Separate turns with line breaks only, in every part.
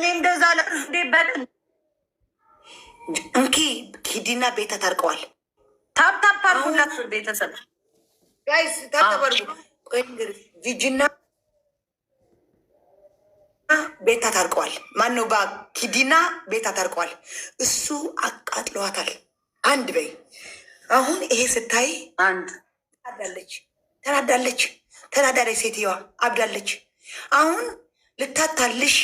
እኔ እንደዛ ለርፍዴ በቀን እንኪ ኪዲና ቤተ ታርቀዋል።
ታብታብ አርጉና ቤተሰብ
ጋይስ ታብታብ አርጉ። ጂጂና ቤታ ታርቀዋል። ማነው በኪዲና ቤታ ታርቀዋል። እሱ አቃጥለዋታል። አንድ በይ አሁን ይሄ ስታይ አንድ ተናዳለች፣ ተናዳለች፣ ተናዳለች። ሴትየዋ አብዳለች። አሁን ልታታልሽ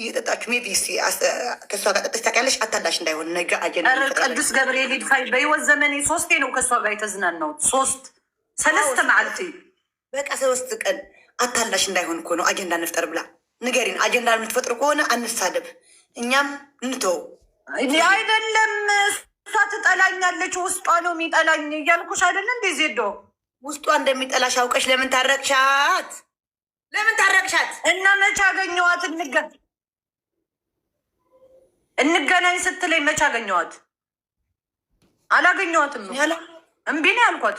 እየጠጣችሁ ሜቢ ከእሷ ጋር ጠጥተሽ ታውቂያለሽ። አታላሽ እንዳይሆን ነገ አየን።
ቅዱስ ገብርኤል ይድፋይ። በህይወት ዘመኔ ሶስቴ ነው ከእሷ ጋር የተዝናናሁት። ሶስት ሰለስተ መዓልት
በቃ ሶስት ቀን አታላሽ እንዳይሆን እኮ ነው። አጀንዳ እንፍጠር ብላ ንገሪን። አጀንዳ የምትፈጥር ከሆነ አንሳደብ፣ እኛም እንተው
አይደለም። እሷ ትጠላኛለች፣ ውስጧ ነው የሚጠላኝ እያልኩሽ አይደለ እንዴ? ዜዶ
ውስጧ እንደሚጠላሽ አውቀሽ ለምን ታረቅሻት? ለምን ታረቅሻት?
እና መቼ አገኘኋት? እንገር እንገናኝ ስትለኝ መች አገኘዋት? አላገኘዋትም። እምቢ ነው ያልኳት።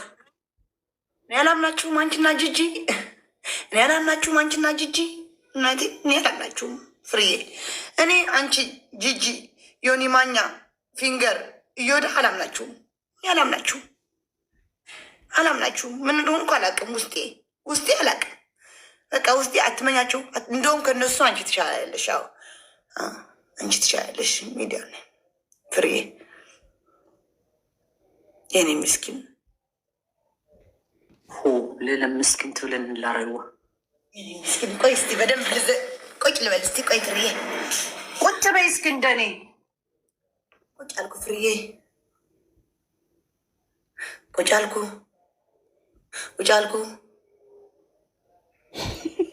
እኔ አላምናችሁም አንቺና ጅጂ፣ እኔ አላምናችሁም አንቺና ጅጂ፣ እናቴ እኔ አላምናችሁም ፍርዬ። እኔ አንቺ፣ ጅጂ፣ ዮኒ ማኛ፣ ፊንገር እዮዳ አላምናችሁም። እኔ አላምናችሁም አላምናችሁም። ምን እንደሆን እኮ አላቅም። ውስጤ ውስጤ አላቅም። በቃ ውስጤ አትመኛቸው። እንደውም ከእነሱ አንቺ ትሻላለሽ። አንቺ ትችያለሽ ሚዲያ ላይ ፍሬ የኔ ምስኪን
ሆ ለለም ምስኪን ትብለን ላረዋ
ምስኪን ቆይ እስቲ በደንብ ልዘ ቆጭ ልበል እስቲ ቆይ ፍሬዬ
ቁጭ በይ እስኪ እንደኔ
ቁጭ አልኩ ፍሬዬ ቁጭ አልኩ ቁጭ አልኩ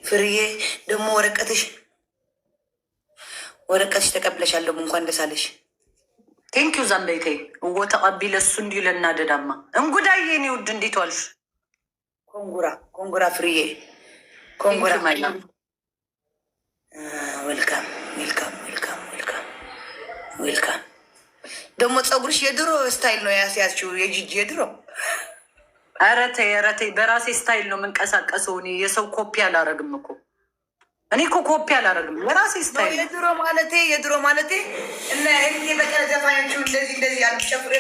ፍሬዬ ደግሞ ወረቀትሽ ወረቀትሽ ተቀብለሻለሁ። እንኳን ደስ አለሽ።
ቴንኪዩ ዛምቤቴ እወ ተቀቢ ለሱ እንዲ ለናደዳማ እንጉዳዬ እኔ ውድ እንዴት ዋልሽ?
ኮንጉራ ኮንጉራ ፍርዬ ኮንጉራ ዌልካም ዌልካም ዌልካም ዌልካም ዌልካም።
ደግሞ ፀጉርሽ የድሮ ስታይል ነው ያስያችው የጂጂ የድሮ
ኧረ ተይ ኧረ ተይ። በራሴ ስታይል ነው የምንቀሳቀሰው እኔ የሰው ኮፒ አላረግም እኮ እኔ እኮ ኮፒ አላደርግም። የራሴ ስታይል
የድሮ ማለቴ የድሮ ማለቴ እነ ይሄ በቀለ ዘፋኞቹ እንደዚህ እንደዚህ አልጨፍሬ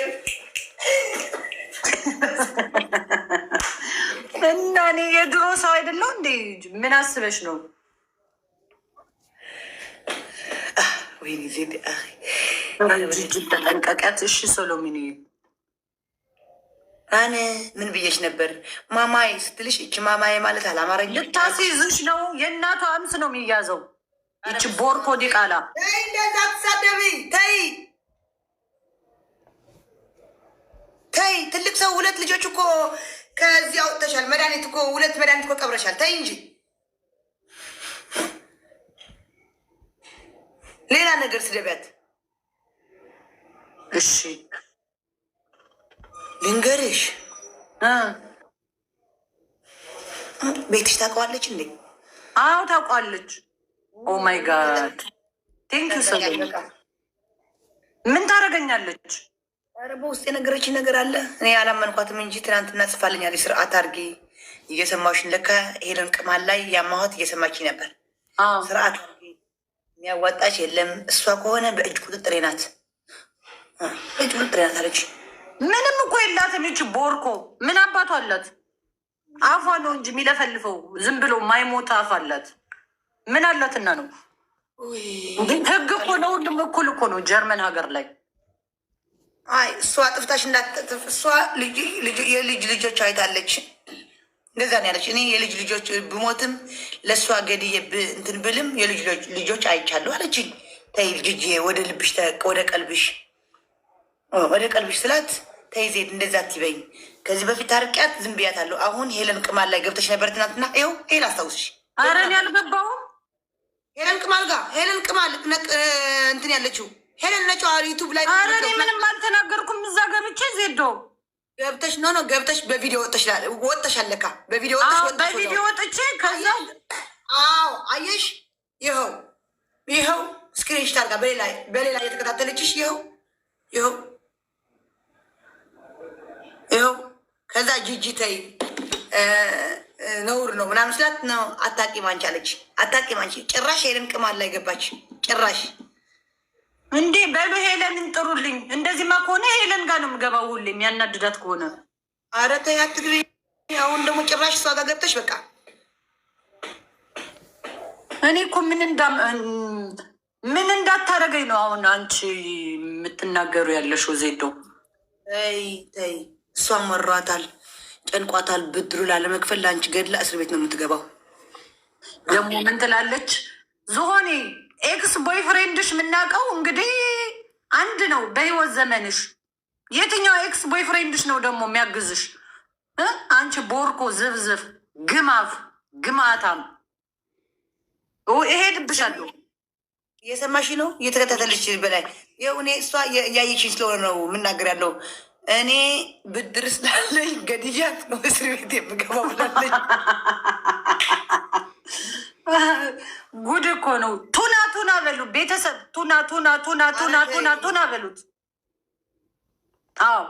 እና እኔ የድሮ ሰው አይደለው እንዴ? ምን አስበሽ ነው?
ወይ ወይኔ ተጠንቀቂያት እሺ ሶሎሚኒ አነ ምን ብዬሽ ነበር ማማዬ ስትልሽ፣ እች ማማዬ ማለት አላማረኝ። ልታስይዝሽ ነው። የእናቷ አምስ ነው የሚያዘው። እች ቦርኮ ዲቃላ
እንደዛ ትሳደቢ። ተይ ተይ፣ ትልቅ ሰው ሁለት ልጆች እኮ ከዚህ አውጥተሻል። መድኃኒት እኮ ሁለት መድኃኒት እኮ ቀብረሻል። ተይ እንጂ ሌላ ነገር ስደቢያት
እሺ ልንገርሽ፣ ቤትሽ ታውቀዋለች እንዴ?
አዎ ታውቀዋለች።
ኦ ማይ ጋድ ቴንክ ዩ።
ምን ታደርገኛለች?
ኧረ በውስጥ የነገረች ነገር አለ። እኔ አላመንኳትም እንጂ ትናንትና ጽፋልኛለች። ስርዓት አድርጌ እየሰማሁሽን። ለካ ሄለን ቅማል ላይ ያማሁት እየሰማች ነበር። ስርዓት የሚያዋጣች የለም። እሷ ከሆነ በእጅ ቁጥጥሬ ናት፣ በእጅ ቁጥጥሬ ናት አለች።
ምንም እኮ የላትም ይች ቦርኮ። ምን አባቱ አላት? አፏ ነው እንጂ የሚለፈልፈው ዝም ብሎ ማይሞት አፍ አላት። ምን አላትና ነው? ህግ እኮ ነው። ለሁሉም እኩል እኮ ነው ጀርመን ሀገር ላይ።
አይ እሷ ጥፍታሽ እንዳትጥፍ እሷ የልጅ ልጆች አይታለች። እንደዛ ነው ያለች። እኔ የልጅ ልጆች ብሞትም ለእሷ ገድዬ እንትን ብልም የልጅ ልጆች አይቻሉ አለችኝ። ተይ ልጅዬ፣ ወደ ልብሽ ወደ ቀልብሽ ወደ ቀልብሽ ስላት ተይዜድ እንደዛ አትበይኝ። ከዚህ በፊት ታርቂያት ዝም ብያታለሁ። አሁን ሄለን ቅማል ላይ ገብተሽ ነበር ትናንትና። ይኸው ሄል አስታውስሽ።
ኧረ እኔ አልገባሁም።
ሄለን ቅማል ጋር ሄለን ቅማል እንትን ያለችው ሄለን ነጭዋ ዩቱብ ላይ።
ኧረ እኔ ምንም አልተናገርኩም። እዛ ገብቼ ዜዶ
ገብተሽ ኖ ኖ ገብተሽ በቪዲዮ ወጥተሻል። ወጥተሽ አለካ በቪዲዮ
ወጥተሽ በቪዲዮ ወጥቼ ከዛ
አዎ አየሽ። ይኸው ይኸው ስክሪንሽት አድርጋ በሌላ በሌላ እየተከታተለችሽ ይኸው ይኸው ይኸው ከዛ ጂጂ ተይ ነውር ነው ምናምን ስላት ነው አታውቂም አንቺ አለች። አታውቂም አንቺ ጭራሽ ሄለን ቅማል ላይ ገባች። ጭራሽ
እንዴ በሉ ሄለንን ጥሩልኝ። እንደዚህማ ከሆነ ሄለን ጋር ነው የምገባው። ሁሌም ያናድዳት ከሆነ ኧረ ተይ አትግሪ። አሁን ደግሞ ጭራሽ እሷ ጋር ገብተች በቃ
እኔ እኮ ምን እንዳ ምን እንዳታረገኝ ነው አሁን አንቺ የምትናገሩ ያለሽው ዜዶ ተይ ተይ እሷ መሯታል፣ ጨንቋታል። ብድሩ ላለመክፈል ለአንቺ ገድላ እስር ቤት ነው የምትገባው።
ደግሞ ምን ትላለች ዝሆኔ? ኤክስ ቦይፍሬንድሽ የምናውቀው እንግዲህ አንድ ነው በህይወት ዘመንሽ። የትኛው ኤክስ ቦይፍሬንድሽ ነው ደግሞ የሚያግዝሽ? አንቺ ቦርኮ ዝፍዝፍ ግማፍ፣ ግማታም እሄድብሻለሁ።
የሰማሽ ነው እየተከታተልሽ በላይ የሁኔ እሷ እያየችኝ ስለሆነ ነው የምናገር ያለው እኔ ብድር ስላለኝ ገድያት ነው እስር ቤት የምገባው ብላለች።
ጉድ እኮ ነው። ቱና ቱና በሉት ቤተሰብ ቱና ቱና ቱና ቱና ቱና ቱና በሉት። አዎ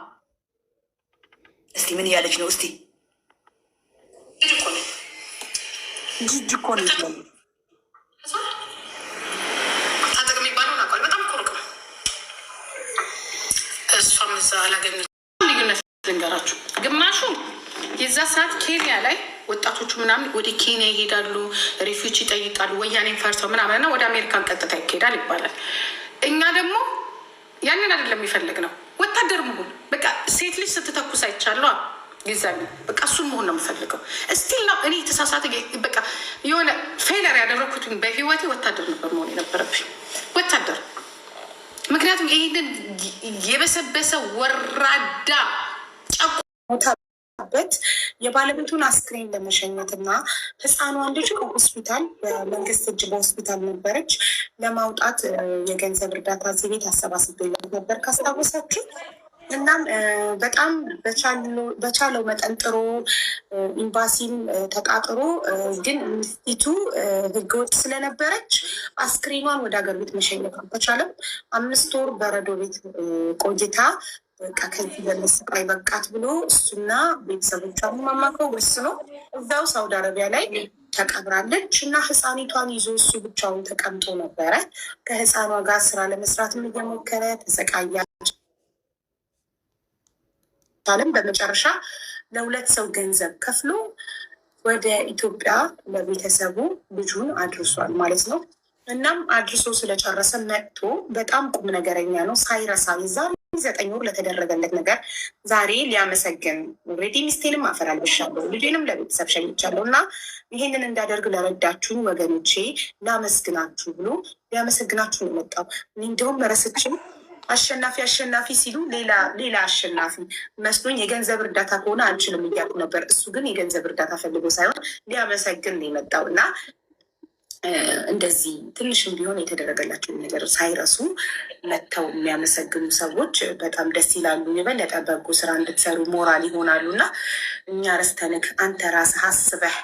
እስቲ ምን እያለች ነው? እስቲ
ጅጅ እኮ ነው የሚባለው።
በጣም እሷም እዛ አላገኝ
ሰዓት ኬንያ ላይ ወጣቶቹ ምናምን ወደ ኬንያ ይሄዳሉ፣ ሪፊውጅ ይጠይቃሉ፣ ወያኔን ፈርሰው ምናምን እና ወደ አሜሪካን ቀጥታ ይካሄዳል ይባላል። እኛ ደግሞ ያንን አይደለም የሚፈልግ ነው። ወታደር መሆን በቃ ሴት ልጅ ስትተኩስ አይቻለ ጊዛሚ በቃ እሱን መሆን ነው የምፈልገው። እስቲል ነው እኔ የተሳሳተ በቃ የሆነ ፌለር ያደረግኩት በህይወቴ ወታደር ነበር መሆን የነበረብኝ ወታደር። ምክንያቱም ይህንን የበሰበሰ ወራዳ
ጨቁበት የባለቤቱን አስክሬን ለመሸኘት እና ህፃኗን ልጅ ሆስፒታል በመንግስት እጅ በሆስፒታል ነበረች ለማውጣት የገንዘብ እርዳታ እዚህ ቤት አሰባስቤላት ነበር ካስታወሳችሁ። እናም በጣም በቻለው መጠን ጥሮ ኢምባሲም ተጣጥሮ ግን ሚስቲቱ ህገወጥ ስለነበረች አስክሬኗን ወደ ሀገር ቤት መሸኘት አልተቻለም። አምስት ወር በረዶ ቤት ቆይታ በቃ ከዚህ ያለ ስቃይ በቃት ብሎ እሱና ቤተሰቦቿን ማማከው ወስኖ እዛው ሳውዲ አረቢያ ላይ ተቀብራለች እና ህፃኒቷን ይዞ እሱ ብቻውን ተቀምጦ ነበረ። ከህፃኗ ጋር ስራ ለመስራት እየሞከረ ተሰቃያች። በመጨረሻ ለሁለት ሰው ገንዘብ ከፍሎ ወደ ኢትዮጵያ ለቤተሰቡ ልጁን አድርሷል ማለት ነው። እናም አድርሶ ስለጨረሰ መጥቶ በጣም ቁም ነገረኛ ነው ሳይረሳ ይዛል። ዘጠኝ ወር ለተደረገለት ነገር ዛሬ ሊያመሰግን ኦልሬዲ ሚስቴንም አፈራል ብሻለሁ ልጄንም ለቤተሰብ ሸኝቻለሁ እና ይሄንን እንዳደርግ ለረዳችሁ ወገኖቼ ላመስግናችሁ ብሎ ሊያመሰግናችሁ ነው የመጣው። እንዲሁም መረስችም አሸናፊ አሸናፊ ሲሉ ሌላ ሌላ አሸናፊ መስሎኝ የገንዘብ እርዳታ ከሆነ አንችልም እያሉ ነበር። እሱ ግን የገንዘብ እርዳታ ፈልጎ ሳይሆን ሊያመሰግን ነው የመጣው እና እንደዚህ ትንሽም ቢሆን የተደረገላቸውን ነገር ሳይረሱ መጥተው የሚያመሰግኑ ሰዎች በጣም ደስ ይላሉ። የበለጠ በጎ ስራ እንድትሰሩ ሞራል ይሆናሉ እና እኛ ረስተንክ አንተ ራስህ አስበህ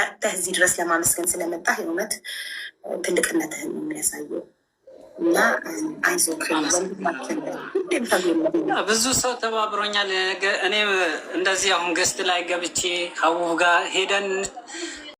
መጥተህ እዚህ ድረስ ለማመስገን ስለመጣህ የእውነት ትልቅነትህን የሚያሳየው እና ብዙ ሰው ተባብሮኛል። እኔ እንደዚህ አሁን ገስት ላይ ገብቼ ሀቡብ ጋር ሄደን